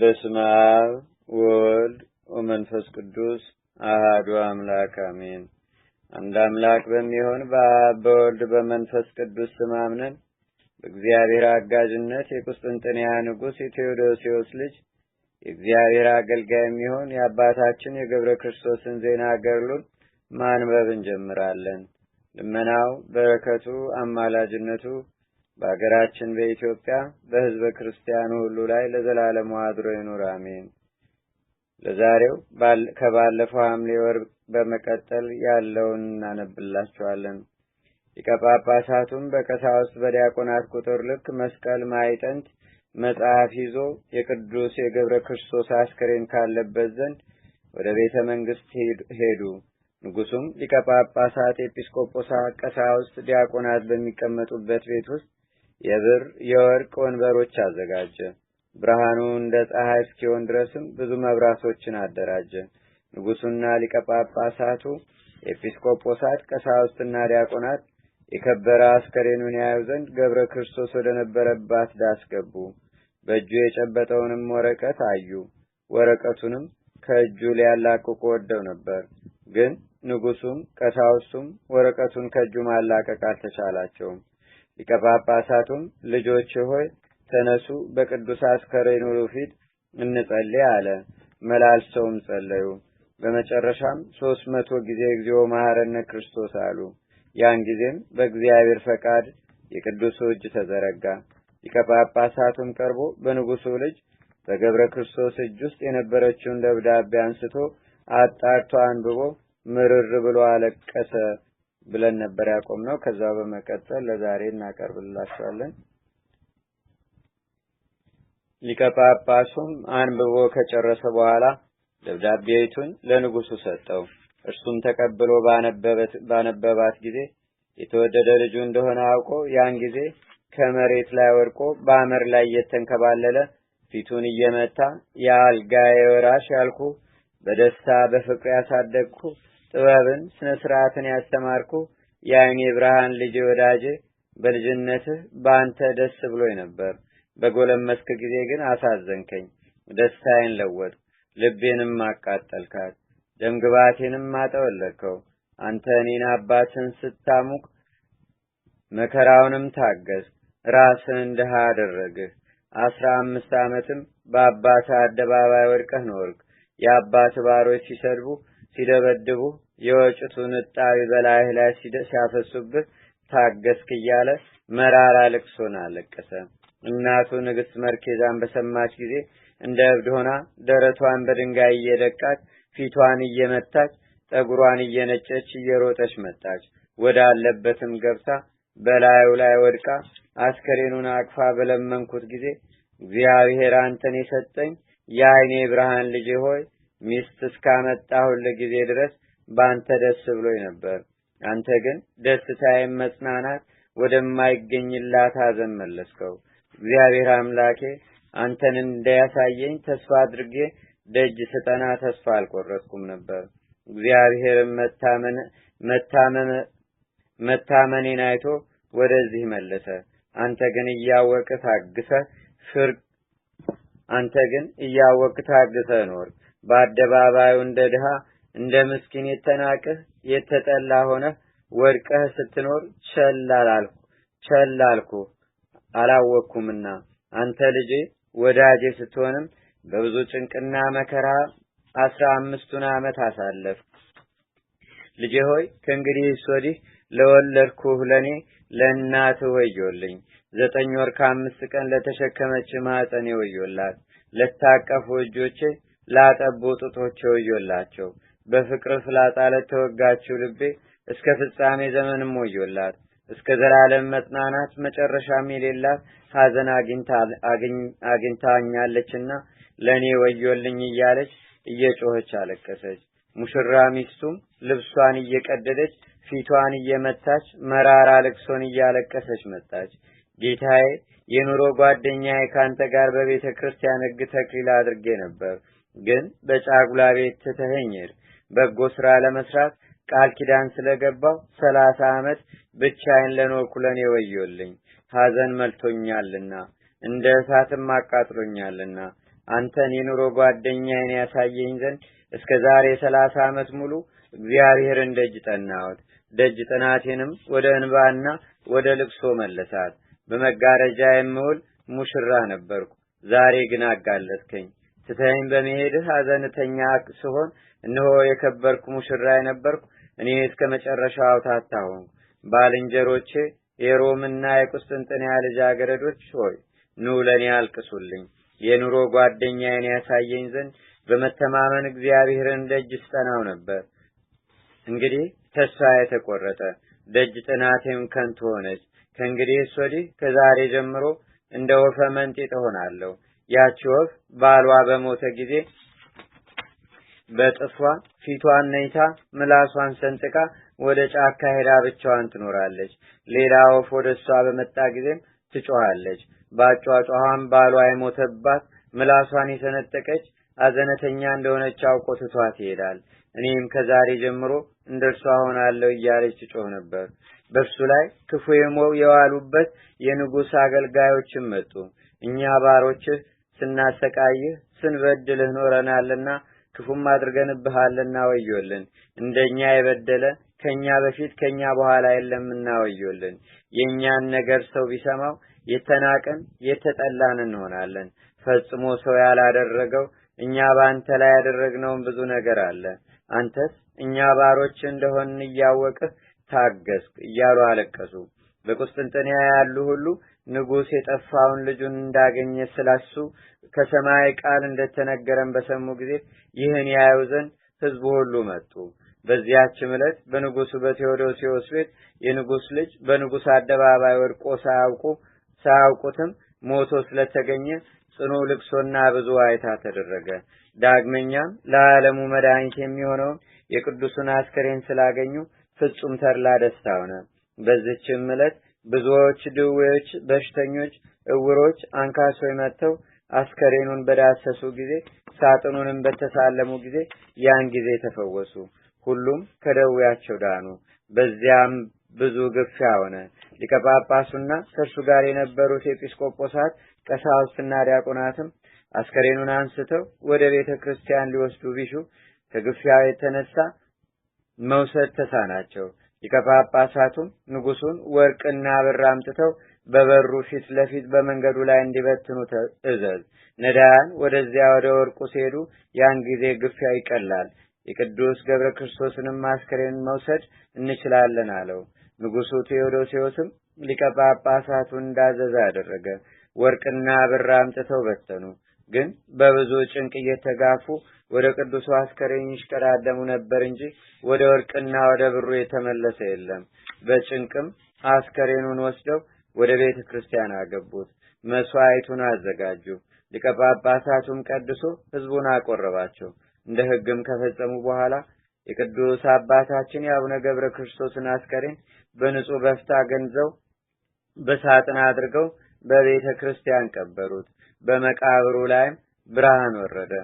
በስመ አብ ወወልድ ወመንፈስ ቅዱስ አህዱ አምላክ አሜን። አንድ አምላክ በሚሆን በአብ በወልድ በመንፈስ ቅዱስ ስም አምነን በእግዚአብሔር አጋዥነት የቁስጥንጥንያ ንጉሥ የቴዎዶሲዎስ ልጅ የእግዚአብሔር አገልጋይ የሚሆን የአባታችን የገብረ ክርስቶስን ዜና ገድሉን ማንበብ እንጀምራለን። ልመናው፣ በረከቱ፣ አማላጅነቱ በሀገራችን በኢትዮጵያ በህዝበ ክርስቲያኑ ሁሉ ላይ ለዘላለም አድሮ ይኑር፣ አሜን። ለዛሬው ከባለፈው ሐምሌ ወር በመቀጠል ያለውን እናነብላችኋለን። ሊቀ ጳጳሳቱም በቀሳውስት በዲያቆናት ቁጥር ልክ መስቀል፣ ማይጠንት መጽሐፍ ይዞ የቅዱስ የገብረ ክርስቶስ አስክሬን ካለበት ዘንድ ወደ ቤተ መንግስት ሄዱ። ንጉሱም ሊቀ ጳጳሳት፣ ኤጲስቆጶሳት፣ ቀሳውስት፣ ዲያቆናት በሚቀመጡበት ቤት ውስጥ የብር የወርቅ ወንበሮች አዘጋጀ። ብርሃኑ እንደ ፀሐይ እስኪሆን ድረስም ብዙ መብራቶችን አደራጀ። ንጉሡና ሊቀ ጳጳሳቱ፣ ኤጲስቆጶሳት፣ ቀሳውስትና ዲያቆናት የከበረ አስከሬኑን ያዩ ዘንድ ገብረ ክርስቶስ ወደ ነበረባት ዳስ ገቡ። በእጁ የጨበጠውንም ወረቀት አዩ። ወረቀቱንም ከእጁ ሊያላቅቁ ወደው ነበር፣ ግን ንጉሱም ቀሳውስቱም ወረቀቱን ከእጁ ማላቀቅ አልተቻላቸውም። ሊቀ ጳጳሳቱም ልጆች ሆይ ተነሱ፣ በቅዱስ አስከሬኑ ፊት እንጸልይ አለ። መላልሰውም ጸለዩ። በመጨረሻም ሶስት መቶ ጊዜ እግዚኦ መሐረነ ክርስቶስ አሉ። ያን ጊዜም በእግዚአብሔር ፈቃድ የቅዱሱ እጅ ተዘረጋ። ሊቀ ጳጳሳቱም ቀርቦ በንጉሱ ልጅ በገብረ ክርስቶስ እጅ ውስጥ የነበረችውን ደብዳቤ አንስቶ አጣርቶ አንብቦ ምርር ብሎ አለቀሰ። ብለን ነበር ያቆም ነው። ከዛ በመቀጠል ለዛሬ እናቀርብላችኋለን። ሊቀ ጳጳሱም አንብቦ ከጨረሰ በኋላ ደብዳቤቱን ለንጉሱ ሰጠው። እርሱም ተቀብሎ ባነበባት ጊዜ የተወደደ ልጁ እንደሆነ አውቆ ያን ጊዜ ከመሬት ላይ ወድቆ በአመር ላይ እየተንከባለለ ፊቱን እየመታ የአልጋዬ ወራሽ ያልኩ በደስታ በፍቅር ያሳደግኩ ጥበብን ስነ ስርዓትን ያስተማርኩ የአይኔ ብርሃን ልጅ ወዳጅ በልጅነትህ በአንተ ደስ ብሎኝ ነበር። በጎለመስክ ጊዜ ግን አሳዘንከኝ፣ ደስታዬን ለወጥ፣ ልቤንም አቃጠልካት፣ ደምግባቴንም አጠወለከው። አንተ እኔን አባትን ስታሙቅ መከራውንም ታገስ፣ ራስን ድሃ አደረግህ። አስራ አምስት ዓመትም በአባት አደባባይ ወድቀህ ኖርክ። የአባት ባሮች ሲሰድቡ ሲደበድቡ የወጭቱን ዕጣቢ በላይህ ላይ ሲያፈሱብህ ታገስክ እያለ መራራ ልቅሶን አለቀሰ። እናቱ ንግስት መርኬዛን በሰማች ጊዜ እንደ እብድ ሆና ደረቷን በድንጋይ እየደቃች ፊቷን እየመታች ጠጉሯን እየነጨች እየሮጠች መጣች። ወዳለበትም ገብታ በላዩ ላይ ወድቃ አስከሬኑን አቅፋ በለመንኩት ጊዜ እግዚአብሔር አንተን የሰጠኝ የአይኔ ብርሃን ልጄ ሆይ ሚስት እስካመጣሁልህ ጊዜ ድረስ በአንተ ደስ ብሎኝ ነበር። አንተ ግን ደስታዬን መጽናናት ወደማይገኝላት ሐዘን መለስከው። እግዚአብሔር አምላኬ አንተን እንዳያሳየኝ ተስፋ አድርጌ ደጅ ስጠና ተስፋ አልቆረጥኩም ነበር። እግዚአብሔርን መታመኔን አይቶ ወደዚህ መለሰ። አንተ ግን እያወቅህ ታግሰህ ፍርድ አንተ ግን እያወቅህ ታግሰህ ኖርክ። በአደባባዩ እንደ ድሃ እንደ ምስኪን የተናቅህ የተጠላ ሆነህ ወድቀህ ስትኖር ቸላልኩ አላወቅኩምና አንተ ልጄ ወዳጄ ስትሆንም በብዙ ጭንቅና መከራ አስራ አምስቱን ዓመት አሳለፍ። ልጄ ሆይ ከእንግዲህ ወዲህ ለወለድኩህ ለእኔ ለእናት ወዮልኝ። ዘጠኝ ወር ከአምስት ቀን ለተሸከመች ማኅፀኔ ወዮላት። ለታቀፉ እጆቼ ላጠቡ ጡቶች ወዮላቸው። በፍቅር ስላጣለት ተወጋችው ልቤ እስከ ፍጻሜ ዘመንም ወዮላት። እስከ ዘላለም መጽናናት መጨረሻም የሌላት ሐዘን አግኝታኛለችና ለእኔ ወዮልኝ እያለች እየጮኸች አለቀሰች። ሙሽራ ሚስቱም ልብሷን እየቀደደች ፊቷን እየመታች መራራ ልቅሶን እያለቀሰች መጣች። ጌታዬ፣ የኑሮ ጓደኛዬ ካንተ ጋር በቤተ ክርስቲያን ሕግ ተክሊል አድርጌ ነበር ግን በጫጉላ ቤት በጎ ስራ ለመስራት ቃል ኪዳን ስለገባው ሰላሳ ዓመት ብቻዬን ለኖርኩ ለእኔ ወዮልኝ። ሐዘን መልቶኛልና እንደ እሳትም አቃጥሎኛልና አንተን የኑሮ ጓደኛዬን ያሳየኝ ዘንድ እስከ ዛሬ ሰላሳ ዓመት ሙሉ እግዚአብሔርን ደጅ ጠናሁት። ደጅ ጥናቴንም ወደ እንባና ወደ ልቅሶ መለሳት። በመጋረጃ የምውል ሙሽራ ነበርኩ፣ ዛሬ ግን አጋለጥከኝ። ትተኸኝ በመሄድህ ሐዘንተኛ ስሆን እነሆ የከበርኩ ሙሽራ የነበርኩ እኔ እስከ መጨረሻው አውታታ ሆንኩ። ባልንጀሮቼ የሮምና የቁስጥንጥንያ ልጃገረዶች ሆይ ኑ ለእኔ አልቅሱልኝ። የኑሮ ጓደኛዬን ያሳየኝ ዘንድ በመተማመን እግዚአብሔርን ደጅ ስጠናው ነበር። እንግዲህ ተስፋ የተቆረጠ ደጅ ጥናቴም ከንቱ ሆነች። ከእንግዲህ ወዲህ ከዛሬ ጀምሮ እንደ ወፈ መንጢጥ እሆናለሁ። ያች ወፍ ባሏ በሞተ ጊዜ በጥፏ ፊቷን ነይታ ምላሷን ሰንጥቃ ወደ ጫካ ሄዳ ብቻዋን ትኖራለች። ሌላ ወፍ ወደ እሷ በመጣ ጊዜም ትጮኻለች። በአጯጯኋም ባሏ የሞተባት ምላሷን የሰነጠቀች አዘነተኛ እንደሆነች አውቆ ትቷት ይሄዳል። እኔም ከዛሬ ጀምሮ እንደ እርሷ ሆናለሁ እያለች ትጮህ ነበር። በእርሱ ላይ ክፉ የዋሉበት የንጉሥ አገልጋዮችም መጡ። እኛ ባሮችህ ስናሰቃይህ ስንበድልህ ኖረናልና ክፉም አድርገንብሃልና ወዮልን። እንደኛ የበደለ ከኛ በፊት ከኛ በኋላ የለምና ወዮልን። የእኛን ነገር ሰው ቢሰማው የተናቀን የተጠላን እንሆናለን። ፈጽሞ ሰው ያላደረገው እኛ በአንተ ላይ ያደረግነውን ብዙ ነገር አለ። አንተስ እኛ ባሮች እንደሆን እያወቅህ ታገስክ እያሉ አለቀሱ። በቁስጥንጥንያ ያሉ ሁሉ ንጉሥ የጠፋውን ልጁን እንዳገኘ ስላሱ ከሰማይ ቃል እንደተነገረን በሰሙ ጊዜ ይህን ያዩ ዘንድ ሕዝቡ ሁሉ መጡ። በዚያችም ዕለት በንጉሱ በቴዎዶሲዎስ ቤት የንጉሥ ልጅ በንጉሥ አደባባይ ወድቆ ሳያውቁ ሳያውቁትም ሞቶ ስለተገኘ ጽኑ ልቅሶና ብዙ ዋይታ ተደረገ። ዳግመኛም ለዓለሙ መድኃኒት የሚሆነውን የቅዱሱን አስከሬን ስላገኙ ፍጹም ተድላ ደስታ ሆነ። በዚችም ዕለት ብዙዎች ድዌዎች፣ በሽተኞች፣ እውሮች፣ አንካሶች መጥተው አስከሬኑን በዳሰሱ ጊዜ ሳጥኑንም በተሳለሙ ጊዜ ያን ጊዜ ተፈወሱ። ሁሉም ከደዌያቸው ዳኑ። በዚያም ብዙ ግፊያ ሆነ። ሊቀ ጳጳሱና ከእርሱ ጋር የነበሩት ኤጲስቆጶሳት፣ ቀሳውስትና ዲያቆናትም አስከሬኑን አንስተው ወደ ቤተ ክርስቲያን ሊወስዱ ቢሹ ከግፊያው የተነሳ መውሰድ ተሳናቸው። ሊቀ ጳጳሳቱም ንጉሱን ወርቅና ብር አምጥተው በበሩ ፊት ለፊት በመንገዱ ላይ እንዲበትኑ እዘዝ። ነዳያን ወደዚያ ወደ ወርቁ ሲሄዱ ያን ጊዜ ግፊያ ይቀላል። የቅዱስ ገብረ ክርስቶስንም አስከሬን መውሰድ እንችላለን አለው። ንጉሱ ቴዎዶሲዎስም ሊቀ ጳጳሳቱን እንዳዘዘ አደረገ። ወርቅና ብር አምጥተው በተኑ። ግን በብዙ ጭንቅ እየተጋፉ ወደ ቅዱሱ አስከሬን ይሽቀዳደሙ ነበር እንጂ ወደ ወርቅና ወደ ብሩ የተመለሰ የለም። በጭንቅም አስከሬኑን ወስደው ወደ ቤተ ክርስቲያን አገቡት። መስዋዕቱን አዘጋጁ። ሊቀ ጳጳሳቱም ቀድሶ ሕዝቡን አቆረባቸው። እንደ ሕግም ከፈጸሙ በኋላ የቅዱስ አባታችን የአቡነ ገብረ ክርስቶስን አስከሬን በንጹሕ በፍታ ገንዘው በሳጥን አድርገው በቤተ ክርስቲያን ቀበሩት። በመቃብሩ ላይም ብርሃን ወረደ።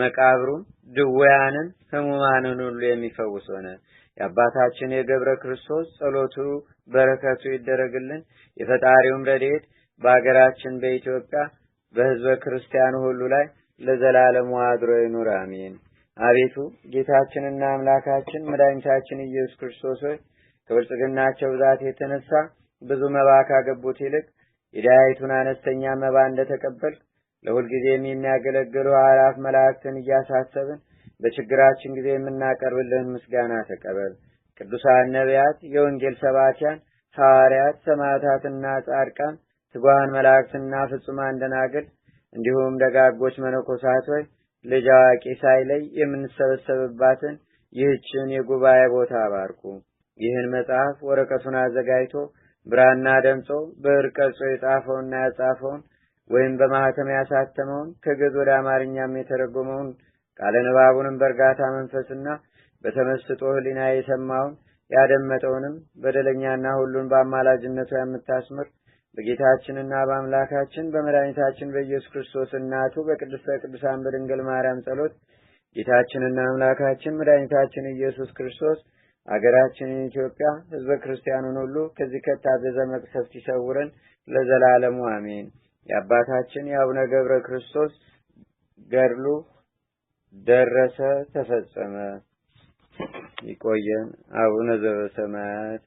መቃብሩም ድውያንን ህሙማንን ሁሉ የሚፈውስ ሆነ። የአባታችን የገብረ ክርስቶስ ጸሎቱ በረከቱ ይደረግልን። የፈጣሪውም ረድኤት በአገራችን በኢትዮጵያ በህዝበ ክርስቲያኑ ሁሉ ላይ ለዘላለሙ አድሮ ይኑር፣ አሜን። አቤቱ ጌታችንና አምላካችን መድኃኒታችን ኢየሱስ ክርስቶስ ሆይ ከብልጽግናቸው ብዛት የተነሳ ብዙ መባ ካገቡት ይልቅ የዳያይቱን አነስተኛ መባ እንደተቀበልክ ለሁልጊዜም የሚያገለግሉ አራፍ መላእክትን እያሳሰብን በችግራችን ጊዜ የምናቀርብልህን ምስጋና ተቀበል። ቅዱሳን ነቢያት፣ የወንጌል ሰባኪያን ሐዋርያት፣ ሰማዕታትና ጻድቃን፣ ትጓን መላእክትና ፍጹማን ደናግል እንዲሁም ደጋጎች መነኮሳት ወይ ልጅ አዋቂ ሳይለይ የምንሰበሰብባትን ይህችን የጉባኤ ቦታ አባርኩ። ይህን መጽሐፍ ወረቀቱን አዘጋጅቶ ብራና ደምጾ ብዕር ቀርጾ የጻፈውና ያጻፈውን ወይም በማህተም ያሳተመውን ከግዕዝ ወደ አማርኛም የተረጎመውን ቃለ ንባቡንም በእርጋታ መንፈስና በተመስጦ ህሊና የሰማውን ያደመጠውንም በደለኛና ሁሉን በአማላጅነቱ የምታስምር በጌታችንና በአምላካችን በመድኃኒታችን በኢየሱስ ክርስቶስ እናቱ በቅድስተ ቅዱሳን በድንግል ማርያም ጸሎት ጌታችንና አምላካችን መድኃኒታችን ኢየሱስ ክርስቶስ አገራችንን ኢትዮጵያ ህዝበ ክርስቲያኑን ሁሉ ከዚህ ከታዘዘ መቅሰፍት ይሰውረን ለዘላለሙ አሜን። የአባታችን የአቡነ ገብረ ክርስቶስ ገድሉ ደረሰ፣ ተፈጸመ። ይቆየን። አቡነ ዘበሰማያት